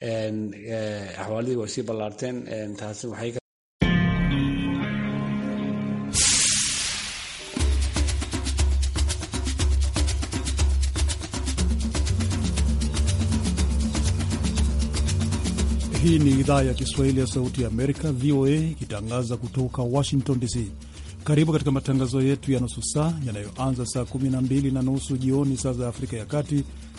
Eh, axwaalidii way sii ballaarteen taasi waxay Hii ni idhaa ya Kiswahili ya Sauti ya Amerika, VOA, ikitangaza kutoka Washington DC. Karibu katika matangazo yetu ya nusu saa yanayoanza saa 12 na nusu jioni saa za Afrika ya Kati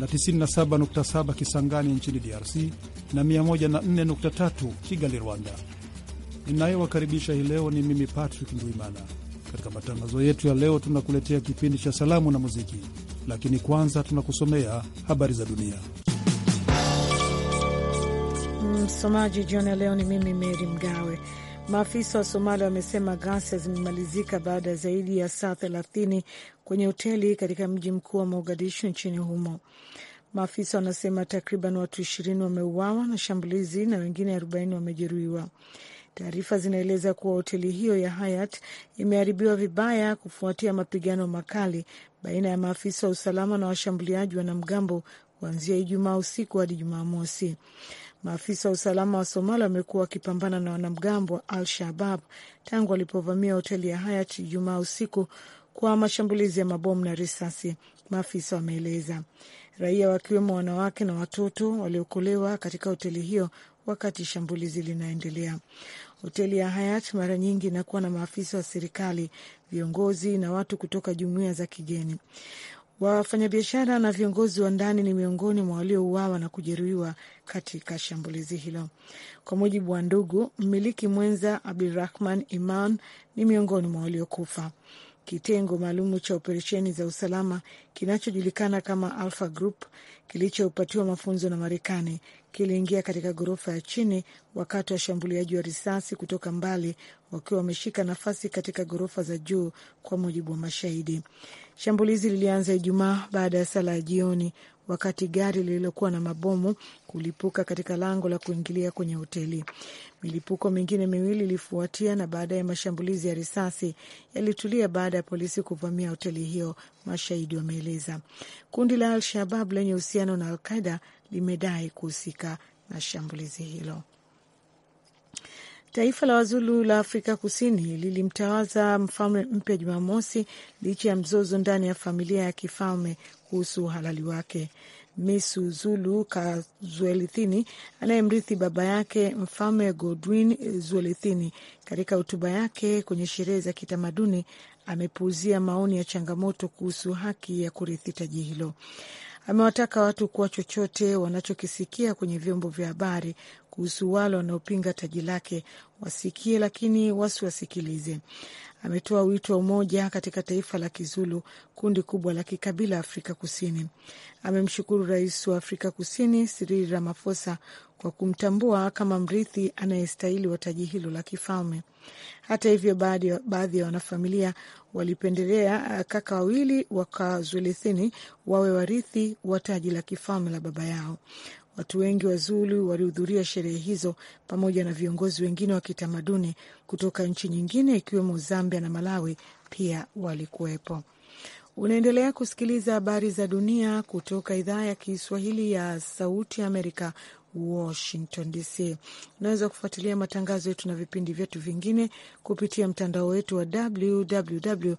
na 97.7 Kisangani nchini DRC na 104.3 Kigali, Rwanda. Ninayowakaribisha hii leo ni mimi Patrick Ndwimana. Katika matangazo yetu ya leo, tunakuletea kipindi cha salamu na muziki, lakini kwanza tunakusomea habari za dunia. Msomaji jioni ya leo ni mimi Meri Mgawe. Maafisa wa Somalia wamesema ghasia zimemalizika baada ya zaidi ya saa thelathini kwenye hoteli katika mji mkuu wa Mogadishu nchini humo. Maafisa wanasema takriban watu ishirini wameuawa na shambulizi na wengine arobaini wamejeruhiwa. Taarifa zinaeleza kuwa hoteli hiyo ya Hayat imeharibiwa vibaya kufuatia mapigano makali baina ya maafisa wa usalama na washambuliaji wanamgambo kuanzia Ijumaa usiku hadi Jumamosi. Maafisa wa usalama wa Somalia wamekuwa wakipambana na wanamgambo wa Al Shabab tangu walipovamia hoteli ya Hayat Ijumaa usiku kwa mashambulizi ya mabomu na risasi, maafisa wameeleza. Raia wakiwemo wanawake na watoto waliokolewa katika hoteli hiyo wakati shambulizi linaendelea. Hoteli ya Hayat mara nyingi inakuwa na maafisa wa serikali, viongozi na watu kutoka jumuiya za kigeni. Wafanyabiashara na viongozi wa ndani ni miongoni mwa waliouawa na kujeruhiwa katika shambulizi hilo. Kwa mujibu wa ndugu, mmiliki mwenza Abdurahman Iman ni miongoni mwa waliokufa. Kitengo maalumu cha operesheni za usalama kinachojulikana kama Alpha Group kilichopatiwa mafunzo na Marekani kiliingia katika ghorofa ya chini wakati washambuliaji wa risasi kutoka mbali wakiwa wameshika nafasi katika ghorofa za juu, kwa mujibu wa mashahidi. Shambulizi lilianza Ijumaa baada ya sala ya jioni, wakati gari lililokuwa na mabomu kulipuka katika lango la kuingilia kwenye hoteli. Milipuko mingine miwili ilifuatia, na baadaye mashambulizi ya risasi yalitulia baada ya polisi kuvamia hoteli hiyo, mashahidi wameeleza. Kundi la Al-Shabab lenye uhusiano na Alqaida limedai kuhusika na shambulizi hilo. Taifa la Wazulu la Afrika Kusini lilimtawaza mfalme mpya Jumamosi licha ya mzozo ndani ya familia ya kifalme kuhusu uhalali wake. Misu Zulu Kazwelithini anayemrithi baba yake mfalme Godwin Zwelithini, katika hotuba yake kwenye sherehe za kitamaduni amepuuzia maoni ya changamoto kuhusu haki ya kurithi taji hilo amewataka watu kuwa chochote wanachokisikia kwenye vyombo vya habari kuhusu wale wanaopinga taji lake wasikie, lakini wasiwasikilize ametoa wito wa umoja katika taifa la Kizulu, kundi kubwa la kikabila Afrika Kusini. Amemshukuru rais wa Afrika Kusini Cyril Ramaphosa kwa kumtambua kama mrithi anayestahili wa taji hilo la kifalme. Hata hivyo, baadhi ya wanafamilia walipendelea eh, kaka wawili wa wawe warithi wa taji la kifalme la baba yao. Watu wengi wa Zulu walihudhuria sherehe hizo pamoja na viongozi wengine wa kitamaduni kutoka nchi nyingine ikiwemo Zambia na Malawi pia walikuwepo. Unaendelea kusikiliza habari za dunia kutoka idhaa ya Kiswahili ya Sauti Amerika, Washington DC. Unaweza kufuatilia matangazo yetu na vipindi vyetu vingine kupitia mtandao wetu wa www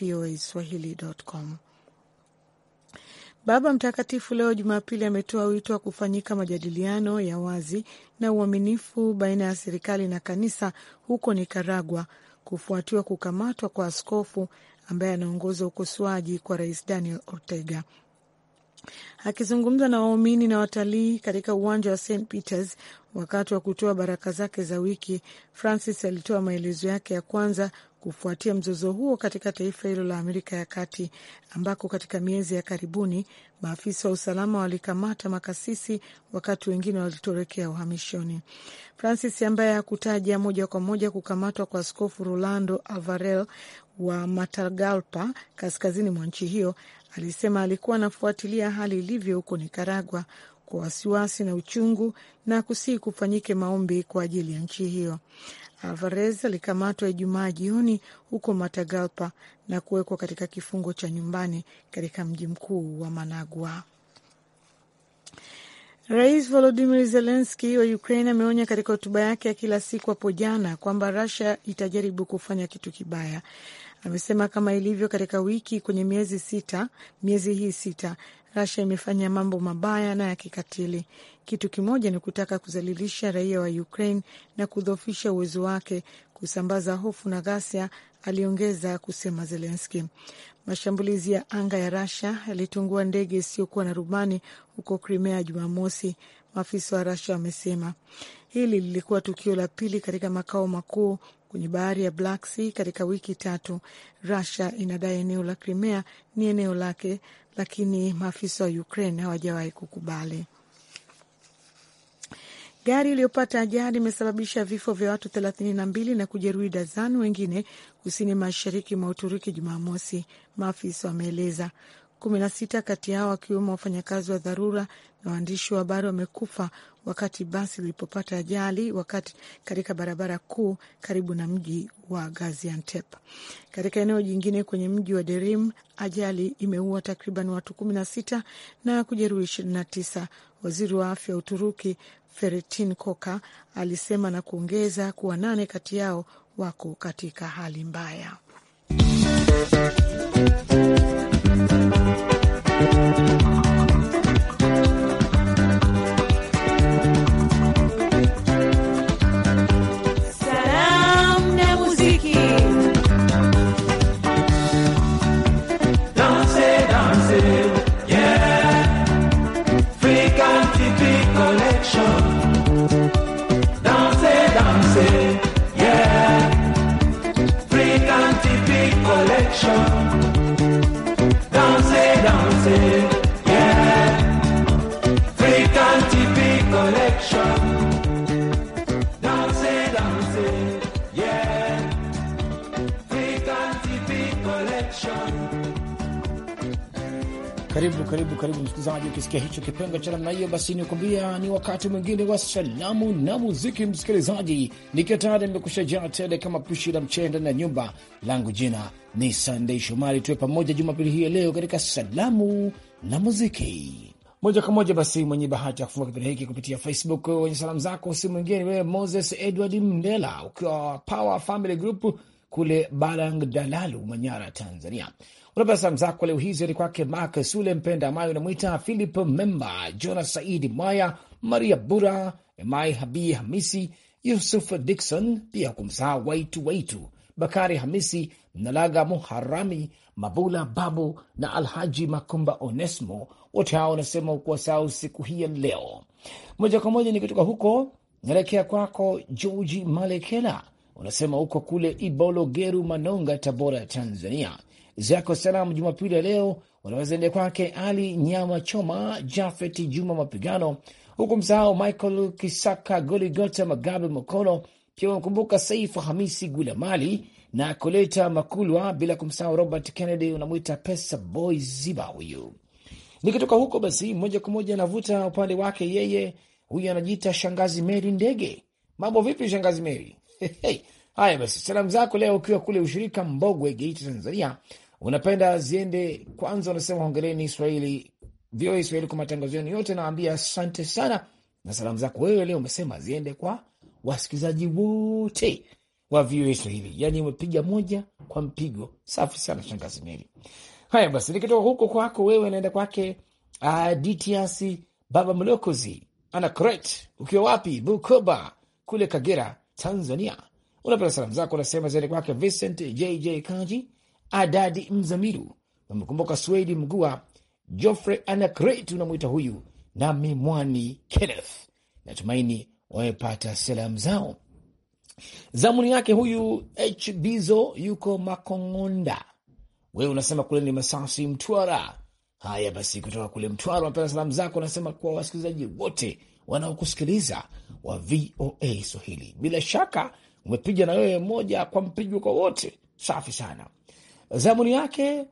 voa swahili.com. Baba Mtakatifu leo Jumapili ametoa wito wa kufanyika majadiliano ya wazi na uaminifu baina ya serikali na kanisa huko Nikaragua kufuatiwa kukamatwa kwa askofu ambaye anaongoza ukosoaji kwa Rais Daniel Ortega. Akizungumza na waumini na watalii katika uwanja wa St Peters wakati wa kutoa baraka zake za wiki, Francis alitoa maelezo yake ya kwanza kufuatia mzozo huo katika taifa hilo la Amerika ya Kati, ambako katika miezi ya karibuni maafisa wa usalama walikamata makasisi wakati wengine walitorekea uhamishoni. Francis ambaye hakutaja moja kwa moja kukamatwa kwa Askofu Rolando avarel wa Matagalpa kaskazini mwa nchi hiyo alisema alikuwa anafuatilia hali ilivyo huko Nikaragua kwa wasiwasi na uchungu na kusihi kufanyike maombi kwa ajili ya nchi hiyo. Alvarez alikamatwa Ijumaa jioni huko Matagalpa na kuwekwa katika kifungo cha nyumbani katika mji mkuu wa Managua. Rais Volodimir Zelenski wa Ukraine ameonya katika hotuba yake ya kila siku hapo jana kwamba Rusia itajaribu kufanya kitu kibaya. Amesema kama ilivyo katika wiki kwenye miezi sita, miezi hii sita rasia imefanya mambo mabaya na ya kikatili. Kitu kimoja ni kutaka kuzalilisha raia wa Ukraine na kudhoofisha uwezo wake kusambaza hofu na ghasia, aliongeza kusema Zelenski. Mashambulizi ya anga ya Rasia yalitungua ndege isiyokuwa na rubani huko Krimea Jumamosi, maafisa wa rasia wamesema. Hili lilikuwa tukio la pili katika makao makuu kwenye bahari ya Black Sea katika wiki tatu. rasia inadai eneo la Crimea ni eneo lake, lakini maafisa wa Ukraine hawajawahi kukubali. Gari iliyopata ajali imesababisha vifo vya watu thelathini na mbili na kujeruhi dazani wengine kusini mashariki mwa Uturuki Jumamosi, maafisa wameeleza kumi na sita kati yao wakiwemo wafanyakazi wa dharura na waandishi wa habari wamekufa wakati basi lilipopata ajali wakati katika barabara kuu karibu na mji wa Gaziantep. Katika eneo jingine kwenye mji wa Derim, ajali imeua takriban watu kumi na sita na kujeruhi ishirini na tisa. Waziri wa afya wa Uturuki Feretin Koka alisema na kuongeza kuwa nane kati yao wako katika hali mbaya. Karibu karibu karibu msikilizaji, ukisikia hicho kipengo cha namna hiyo, basi nikuambia ni wakati mwingine wa salamu na muziki. Msikilizaji, nikiwa tayari jaa tele kama pishi la mchele ndani ya nyumba langu. Jina ni Sandei Shomari, tuwe pamoja Jumapili hii ya leo katika salamu na muziki moja kwa moja. Basi mwenye bahati ya kufunga kipindi hiki kupitia Facebook wenye salamu zako si mwingine wewe Moses Edward Mndela, ukiwa Power Family Group kule Balang Dalalu, Manyara, Tanzania Baba salamu zako leo hizi ni kwake Mak Sule Mpenda ambayo unamwita Philip Memba, Jonas Saidi Mwaya, Maria Bura, Emai Habi Hamisi, Yusuf Dikson, pia kumsahau Waitu Waitu, Bakari Hamisi, Mnalaga Muharami, Mabula Babu na Alhaji Makumba Onesmo. Wote hao wanasema ukuwasahau siku hii ya leo. Moja kwa moja nikitoka huko naelekea kwako Georgi Malekela, unasema huko kule Ibolo Geru, Manonga, Tabora, Tanzania zako salamu Jumapili ya leo wanaweza ende kwake Ali Nyama Choma, Jafet Juma Mapigano, huku msahau Michael Kisaka, Goligota Magabe Mokono, pia wamkumbuka Saifu Hamisi Gulamali na Koleta Makulwa, bila kumsahau Robert Kennedy, unamwita Pesa Boy Ziba. Huyu nikitoka huko, basi moja kwa moja anavuta upande wake yeye. Huyu anajiita Shangazi Meri Ndege. Mambo vipi, Shangazi Meri? Haya basi, salamu zako leo ukiwa kule ushirika Mbogwe, Geita, Tanzania unapenda ziende kwanza, unasema hongereni Swahili VOA Swahili kwa matangazo yenu yote, naambia asante sana, na salamu zako wewe leo umesema ziende kwa wasikilizaji wote wa VOA Swahili, Yani umepiga moja kwa mpigo. Safi sana shangazi Meri. Haya basi, nikitoka huko kwako wewe naenda kwake uh, ah, DTS Baba Mlokozi Anacret, ukiwa wapi? Bukoba kule Kagera, Tanzania. Unapenda salamu zako unasema ziende kwake Vincent JJ Kaji Adadi Mzamiru, wamemkumbuka Swedi Mgua, Joffrey Anakret unamwita huyu na Mimwani Kenneth. Natumaini wamepata salamu zao. Zamuni yake huyu H Bizo yuko Makongonda, wewe unasema kule ni Masasi, Mtwara. Haya basi, kutoka kule Mtwara wapata salamu zako, unasema kwa wasikilizaji wote wanaokusikiliza wa VOA Swahili. Bila shaka umepiga na wewe moja kwa mpigo kwa wote, safi sana zamuni yake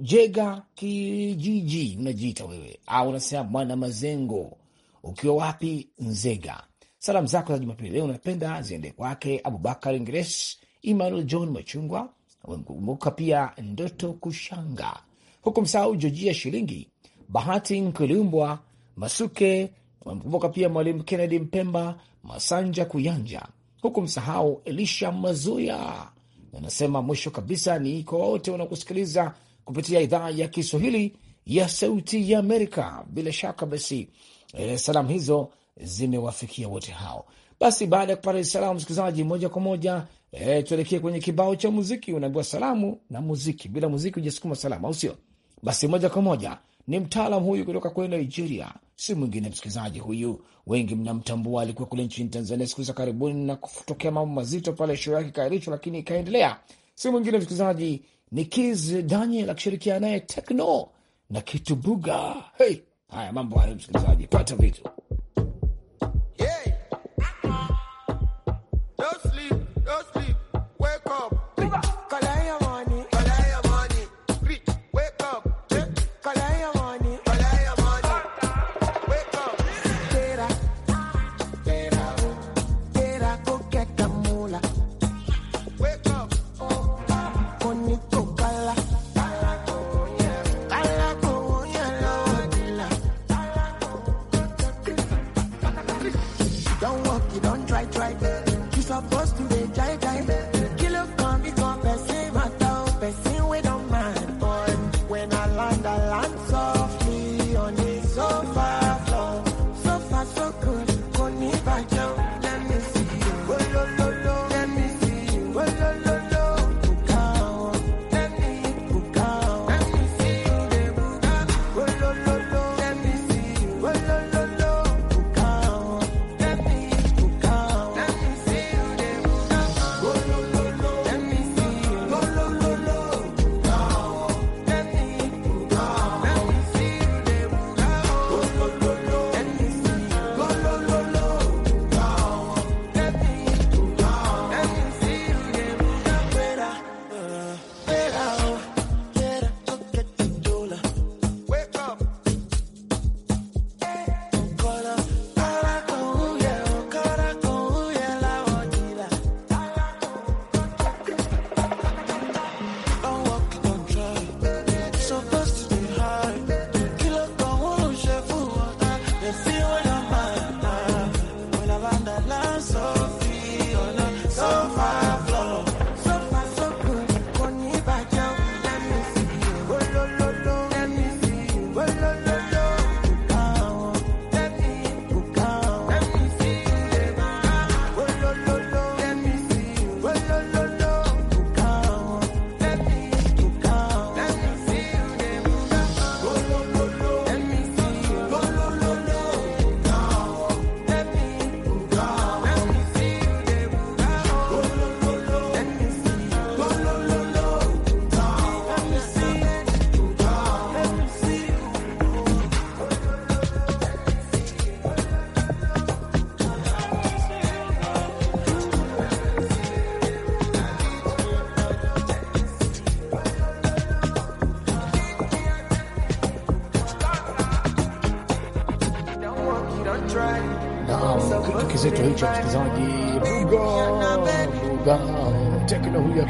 Jega kijiji unajiita wewe au unasema mwana Mazengo, ukiwa wapi Nzega? Salamu zako za Jumapili leo unapenda ziende kwake Abubakar Ingres, Emmanuel John Machungwa, umemkumbuka pia Ndoto Kushanga, huku msahau Jojia Shilingi, Bahati Nkulumbwa, Masuke, umemkumbuka pia Mwalimu Kennedy Mpemba, Masanja Kuyanja, huku msahau Elisha Mazoya na mwisho kabisa ni kwa wote wanaokusikiliza kupitia idhaa ya Kiswahili ya Sauti ya Amerika. Bila shaka basi e, salamu hizo zimewafikia wote hao. Basi baada ya kupata salamu, msikilizaji, moja kwa moja e, tuelekee kwenye kibao cha muziki. Unaambiwa salamu na muziki, bila muziki hujasukuma salamu, au sio? Basi moja kwa moja ni mtaalam huyu kutoka kule Nigeria, si mwingine msikilizaji huyu, wengi mnamtambua, alikuwa kule nchini Tanzania siku za karibuni na kutokea mambo mazito pale, show yake ikaahirishwa, lakini ikaendelea. Si mwingine msikilizaji, ni Kiz Daniel akishirikiana naye Tekno na Kitu Buga. Hey, haya mambo hayo msikilizaji, pata vitu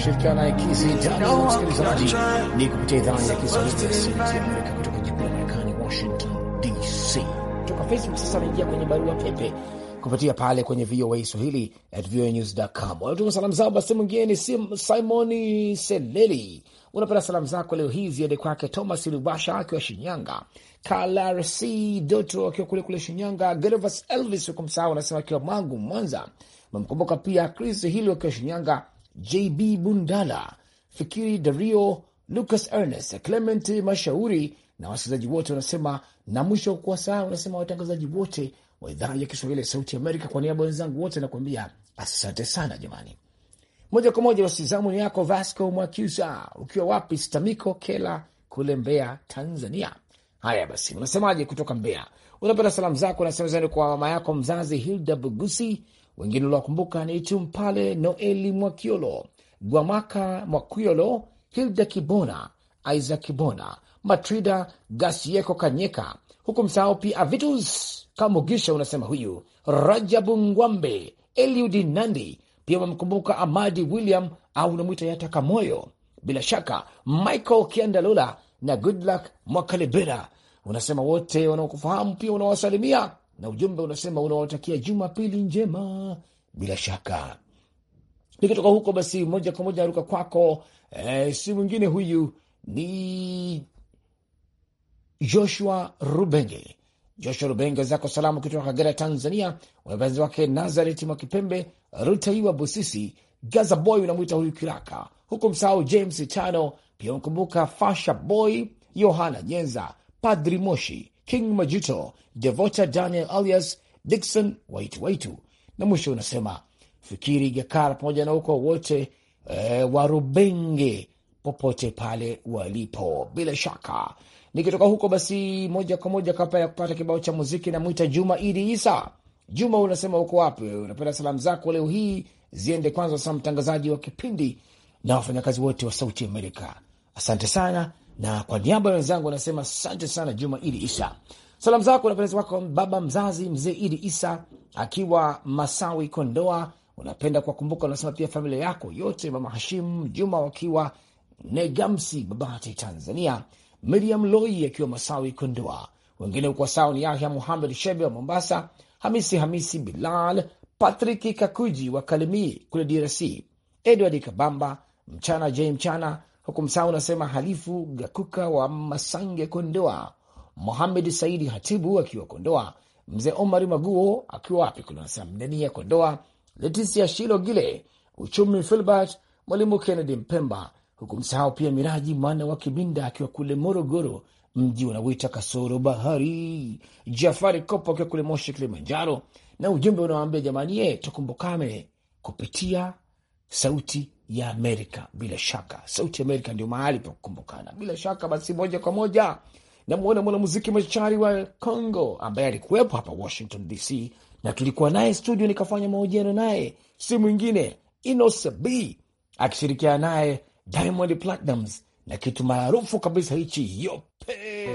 kushirikiana naye Kisi Msikilizaji ni kupitia idhaa ya Kiswahili ya Sauti ya Amerika kutoka jiji la Marekani, Washington DC. Kutoka Facebook sasa anaingia kwenye barua pepe kupitia pale kwenye VOA Swahili at voanews.com. Wanatuma salamu zao. Basi mwingine ni Simoni Seleli, unapenda salamu zako leo hii ziende kwake Thomas Lubasha akiwa Shinyanga, Kalarc Doto akiwa kule kule Shinyanga, Gervas Elvis hukumsahau, anasema akiwa Mwangu Mwanza. Mamkumbuka pia Chris Hilo akiwa Shinyanga, JB Bundala, Fikiri Dario, Lucas Ernest, Clement Mashauri na wasikilizaji wote wanasema. Na mwisho kuwa saa wanasema watangazaji wote wa idhaa ya Kiswahili ya Sauti Amerika, kwa niaba wenzangu wote nakuambia asante sana jamani. Moja kwa moja wasizamu ni yako Vasco Mwakiusa, ukiwa wapi? Stamiko Kela kule Mbeya, Tanzania. Haya basi, unasemaje kutoka Mbeya? Unapenda salamu zako, nasema zani kwa mama yako mzazi Hilda Bugusi wengine uliwakumbuka ni Tumpale Noeli Mwakiolo, Gwamaka Mwakiolo, Hilda Kibona, Isaac Kibona, Matrida Gasieko Kanyeka, huku msahau pia Avitus Kamugisha, unasema huyu Rajabu Ngwambe, Eliudi Nandi, pia wamemkumbuka Amadi William au unamwita Yatakamoyo, bila shaka Michael Kiandalola na Goodluck Mwakalebera. Unasema wote wanaokufahamu pia unawasalimia na ujumbe unasema unawatakia Jumapili njema. Bila shaka nikitoka huko, basi moja kwa moja aruka kwako. E, si mwingine huyu ni Joshua Rubenge. Joshua Rubenge, zako salamu kutoka Kagera, Tanzania. Wapenzi wake Nazareti Mwakipembe, Rutaiwa Busisi, Gaza Boy unamwita huyu kiraka huku, msahau James Tano, pia umkumbuka Fasha Boy, Yohana Nyenza, Padri Moshi King Majuto, Devota Daniel alias Dikson Waitu Waitu, na mwisho unasema Fikiri Gakara pamoja na uko wote e, eh, Warubenge popote pale walipo. Bila shaka nikitoka huko, basi moja kwa moja kabla ya kupata kibao cha muziki, namwita Juma Idi Isa. Juma, unasema uko wapi? Unapenda salamu zako leo hii ziende kwanza saa mtangazaji wa kipindi na wafanyakazi wote wa Sauti Amerika. Asante sana na kwa niaba ya wenzangu anasema asante sana Juma Idi Isa. Salamu zako na wako baba mzazi mzee Idi Isa akiwa Masawi, Kondoa. Unapenda kuwakumbuka, unasema pia familia yako yote, mama Hashim Juma wakiwa Negamsi, Babati, Tanzania, Miriam Loi akiwa Masawi, Kondoa. Wengine uko sawa ni Yahya Muhamed Shebe wa Mombasa, Hamisi Hamisi Bilal, Patrick Kakuji wa Kalemie kule DRC, Edward Kabamba mchana J mchana huku msaa unasema Halifu Gakuka wa Masange Kondoa, Muhamed Saidi Hatibu akiwa Kondoa, mzee Omari Maguo akiwa wapi kuna kunasema ya Kondoa, Leticia Shilo Gile uchumi Filbert mwalimu Kennedy Mpemba, huku msahau pia Miraji mwana wa Kibinda akiwa kule Morogoro, mji unawita kasoro bahari, Jafari Kopo akiwa kule Moshi, Kilimanjaro, na ujumbe unawaambia jamani, ye eh, tukumbukane kupitia Sauti ya Amerika. Bila shaka Sauti Amerika ndio mahali pa kukumbukana. Bila shaka basi, moja kwa moja namwona mwanamuziki machari wa Congo ambaye alikuwepo hapa Washington DC na tulikuwa naye studio, nikafanya mahojiano naye, si mwingine Inos B akishirikiana naye Diamond Platnumz na kitu maarufu kabisa hichi yope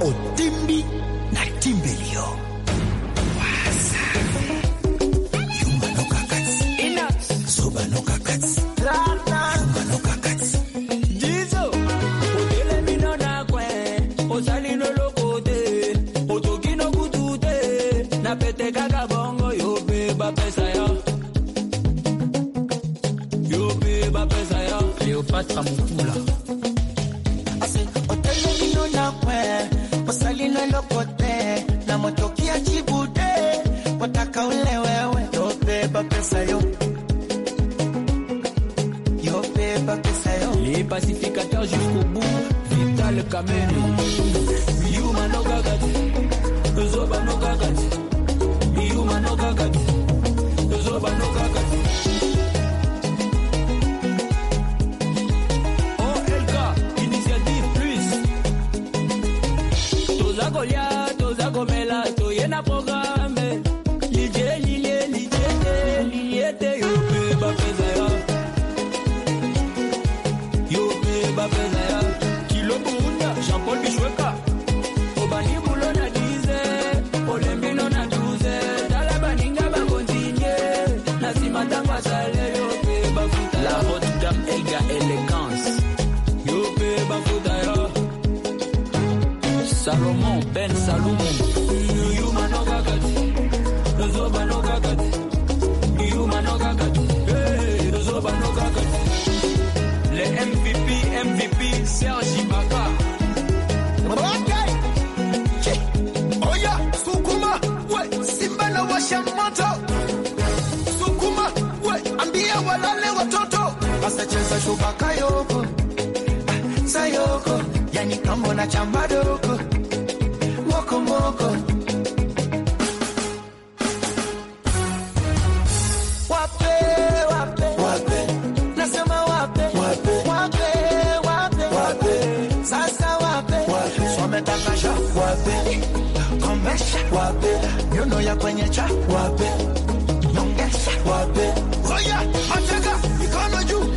otimbi na timbilio essa tá música. ya kwenye cha wape nyongesha wape oya mateka mikono juu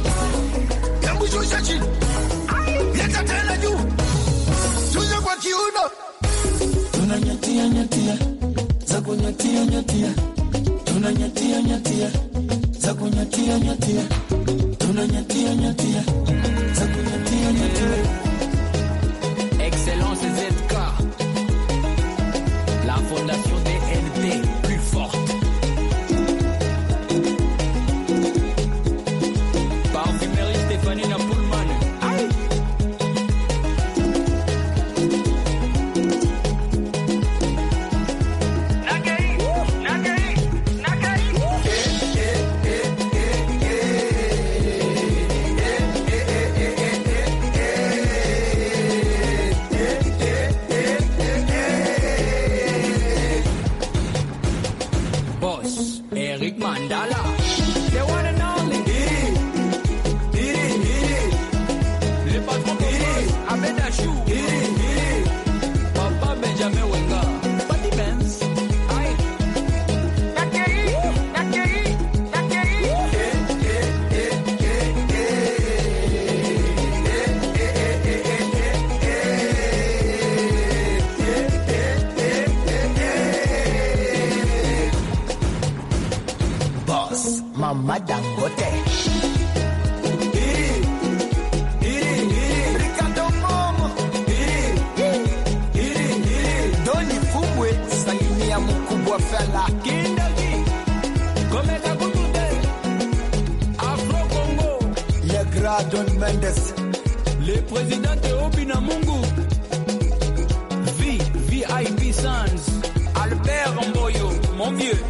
hebu shusha chini leta tena juu shusha kwa kiuno tunanyatia nyatia za kunyatia nyatia tunanyatia nyatia za kunyatia nyatia tunanyatia nyatia za kunyatia nyatia Mendes, le presidente Obi na Mungu, V VIP Sons. Albert Mboyo, mon vieux.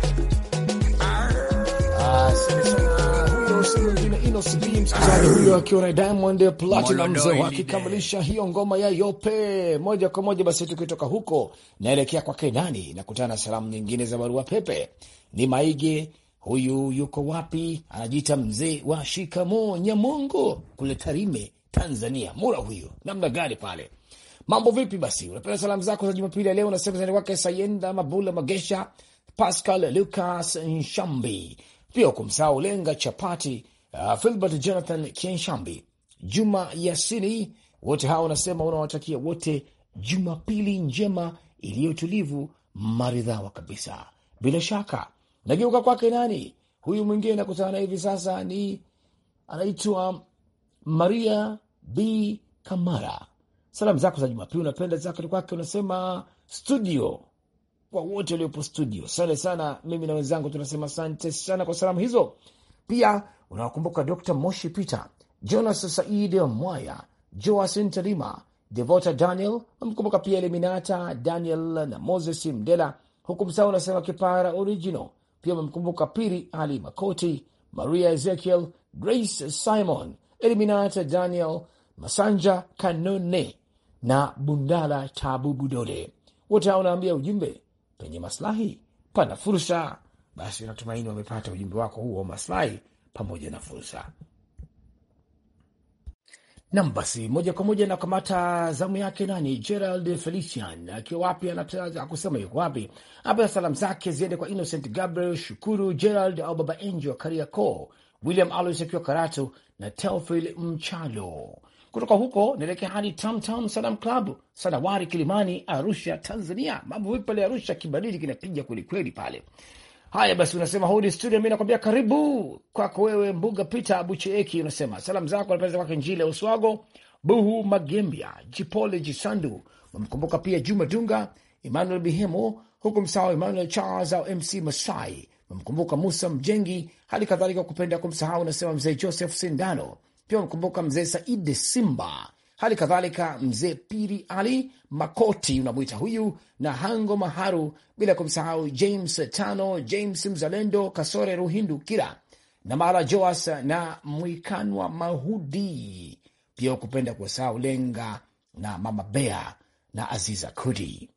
Ah, huyo akiwa na Diamond wakikamilisha hiyo ngoma ya yope moja kwa moja. Basi tukitoka huko naelekea kwake nani, nakutana na salamu nyingine za barua pepe, ni Maige Huyu yuko wapi? Anajiita mzee wa shikamo Nyamongo kule Tarime, Tanzania. Mura huyo, namna gani pale? Mambo vipi? Basi unapenda salamu zako za Jumapili ya leo unasema zani wake Sayenda Mabula, Magesha Pascal, Lucas Nshambi, pia kumsahau Lenga Chapati, uh, Filbert Jonathan Kienshambi, Juma Yasini. Wote hawa unasema unawatakia wote Jumapili njema iliyotulivu maridhawa kabisa. Bila shaka Nageuka kwake nani huyu mwingine nakutana naye hivi sasa ni anaitwa Maria B Kamara. Salamu zako za Jumapili unapenda zako kwake, unasema studio kwa wote waliopo studio, asante sana. Mimi na wenzangu tunasema sante sana kwa salamu hizo. Pia unawakumbuka Dr Moshi Peter, Jonas Said Mwaya, Joasin Tarima, Devota Daniel, namkumbuka pia Eliminata Daniel na Moses Mdela, huku msaa unasema Kipara original pia wamemkumbuka Piri Ali Makoti, Maria Ezekiel, Grace Simon, Eliminata Daniel, Masanja Kanone na Bundala Tabu Budole. Wote hao wanaambia ujumbe, penye maslahi pana fursa. Basi natumaini wamepata ujumbe wako huo maslahi pamoja na fursa. Nam, basi moja kwa moja nakamata zamu yake nani, Gerald Felician akiwa wapi, akusema yuko wapi hapa. Salamu zake ziende kwa Innocent Gabriel Shukuru, Gerald au Baba enge wa Kariakoo, William Alois akiwa Karatu na Teofil Mchalo. Kutoka huko naelekea hadi Tamtam Salam Club Sanawari, Kilimani, Arusha, Tanzania. Mambo vipi pale Arusha? Kibaridi kinapiga kwelikweli pale Haya basi, unasema hodi studio. Mi nakwambia karibu kwako wewe, Mbuga Peter Bucheeki. Unasema salamu zako napeza kwake Njile Uswago, Buhu Magembia, Jipole Jisandu. Wamkumbuka pia Juma Dunga, Emmanuel Bihemo, huku msahau Emmanuel Charles au MC Masai. Wamkumbuka Musa Mjengi, hali kadhalika kupenda kumsahau, unasema mzee Joseph Sindano. Pia wamkumbuka mzee Saidi Simba hali kadhalika mzee Piri Ali Makoti unamwita huyu na Hango Maharu, bila kumsahau James Tano, James Mzalendo, Kasore Ruhindu Kira na Mara Joas na Mwikanwa Mahudi, pia ukupenda kuwasahau Lenga na Mama Bea na Aziza Kudi.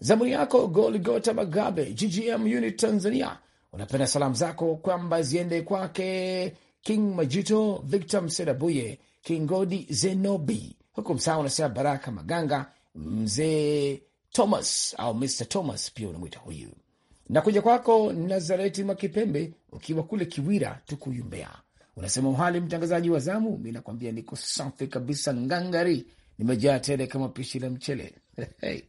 Zamu yako Goligota Magabe, GGM Unit Tanzania, unapenda salamu zako kwamba ziende kwake King Majuto, Victor Mserabuye, Kingodi Zenobi, huku msaa unasema Baraka Maganga, mzee Thomas au Mr Thomas pia unamwita huyu. Na kuja kwako Nazareti Mwakipembe ukiwa kule Kiwira, Tukuyu, Mbeya, unasema uhali mtangazaji wa zamu, mi nakwambia niko safi kabisa, ngangari, nimejaa tele kama pishi la mchele.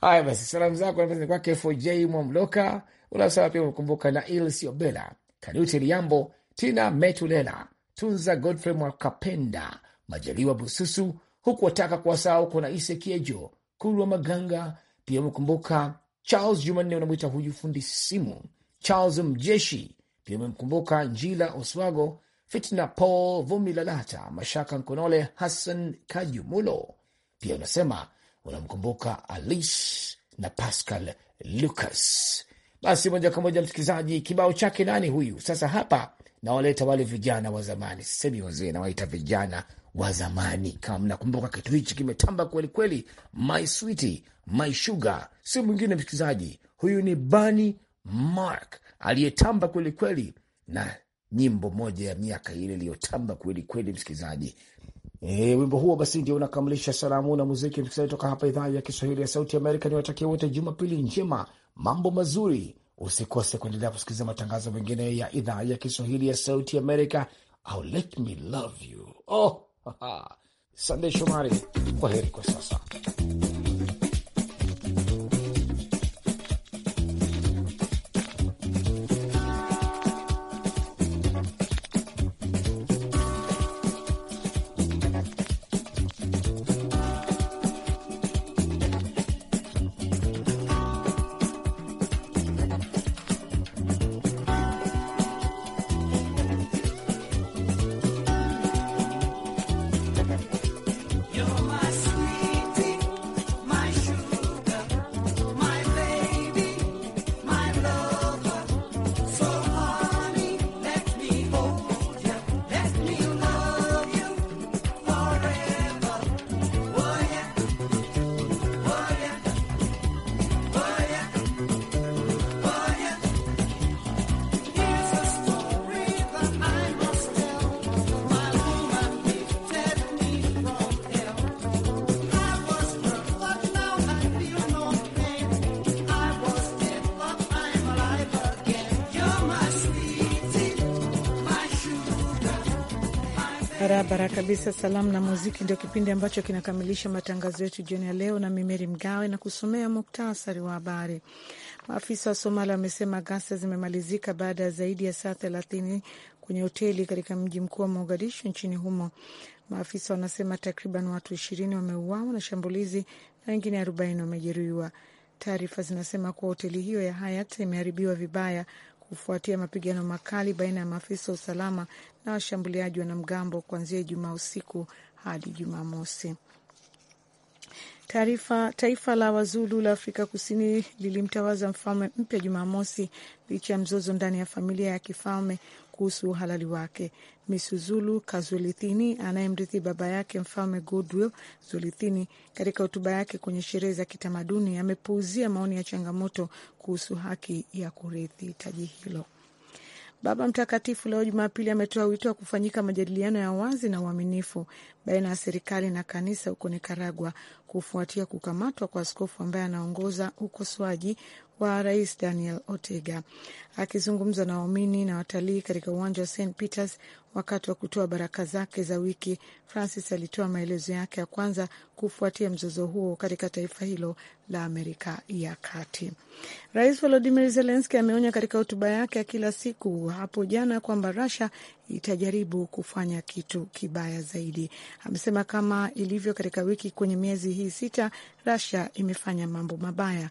Haya basi, salamu zako napeza kwake FJ Mwamloka, unasema pia unakumbuka Nail Siobela, Kanuti Liambo, Tina Metulela, Tunza Godfrey Mwakapenda, Majaliwa Bususu huku wataka kuwasahau kona Isekiejo, Kulwa Maganga. Pia umemkumbuka Charles Jumanne, unamwita huyu fundi simu Charles Mjeshi. Pia umemkumbuka Njila Oswago, Fitna Paul Vumi Lalata, Mashaka Nkonole, Hassan Kajumulo. Pia unasema unamkumbuka Alice na Pascal Lucas. Basi moja kwa moja msikilizaji, kibao chake nani huyu sasa hapa? Nawaleta wale vijana wa zamani, sisemi wazee, nawaita vijana wa zamani. Kama mnakumbuka, kitu hichi kimetamba kweli kweli, My Sweetie My Sugar sio mwingine msikilizaji, huyu ni Bani Mark aliyetamba kweli kweli na nyimbo moja ya miaka ile iliyotamba kweli kweli, msikilizaji. E, wimbo huo basi ndio unakamilisha salamu na muziki msikilizaji, toka hapa idhaa ya Kiswahili ya Sauti Amerika. Ni watakia wote Jumapili njema, mambo mazuri. Usikose kuendelea kusikiliza matangazo mengine ya idhaa ya Kiswahili ya Sauti Amerika au let me love you oh. Sandei Shomari, kwa heri kwa sasa. Barabara kabisa. Salamu na muziki ndio kipindi ambacho kinakamilisha matangazo yetu jioni ya leo, na Mimeri Mgawe na kusomea muktasari wa habari. Maafisa wa Somalia wamesema ghasia zimemalizika baada ya zaidi ya saa thelathini kwenye hoteli katika mji mkuu wa Mogadishu nchini humo. Maafisa wanasema takriban watu ishirini wameuawa na shambulizi na wengine arobaini wamejeruhiwa. Taarifa zinasema kuwa hoteli hiyo ya Hayat imeharibiwa vibaya kufuatia mapigano makali baina ya maafisa wa usalama na washambuliaji wanamgambo kuanzia Ijumaa usiku hadi Jumamosi. Taarifa. Taifa la Wazulu la Afrika Kusini lilimtawaza mfalme mpya Jumamosi licha ya mzozo ndani ya familia ya kifalme kuhusu uhalali wake. Misu Zulu Kazwelithini anayemrithi baba yake mfalme Goodwill Zwelithini, katika hotuba yake kwenye sherehe za kitamaduni amepuuzia maoni ya changamoto kuhusu haki ya kurithi taji hilo. Baba Mtakatifu leo Jumapili ametoa wito wa kufanyika majadiliano ya wazi na uaminifu baina ya serikali na kanisa huko Nikaragua kufuatia kukamatwa kwa askofu ambaye anaongoza ukosoaji wa Rais Daniel Ortega. Akizungumza na waumini na watalii katika uwanja wa St Peters wakati wa kutoa baraka zake za wiki, Francis alitoa maelezo yake ya kwanza kufuatia mzozo huo katika taifa hilo la Amerika ya Kati. Rais Volodimir Zelenski ameonya katika hotuba yake ya kila siku hapo jana kwamba Russia itajaribu kufanya kitu kibaya zaidi. Amesema kama ilivyo katika wiki kwenye miezi hii sita, rasia imefanya mambo mabaya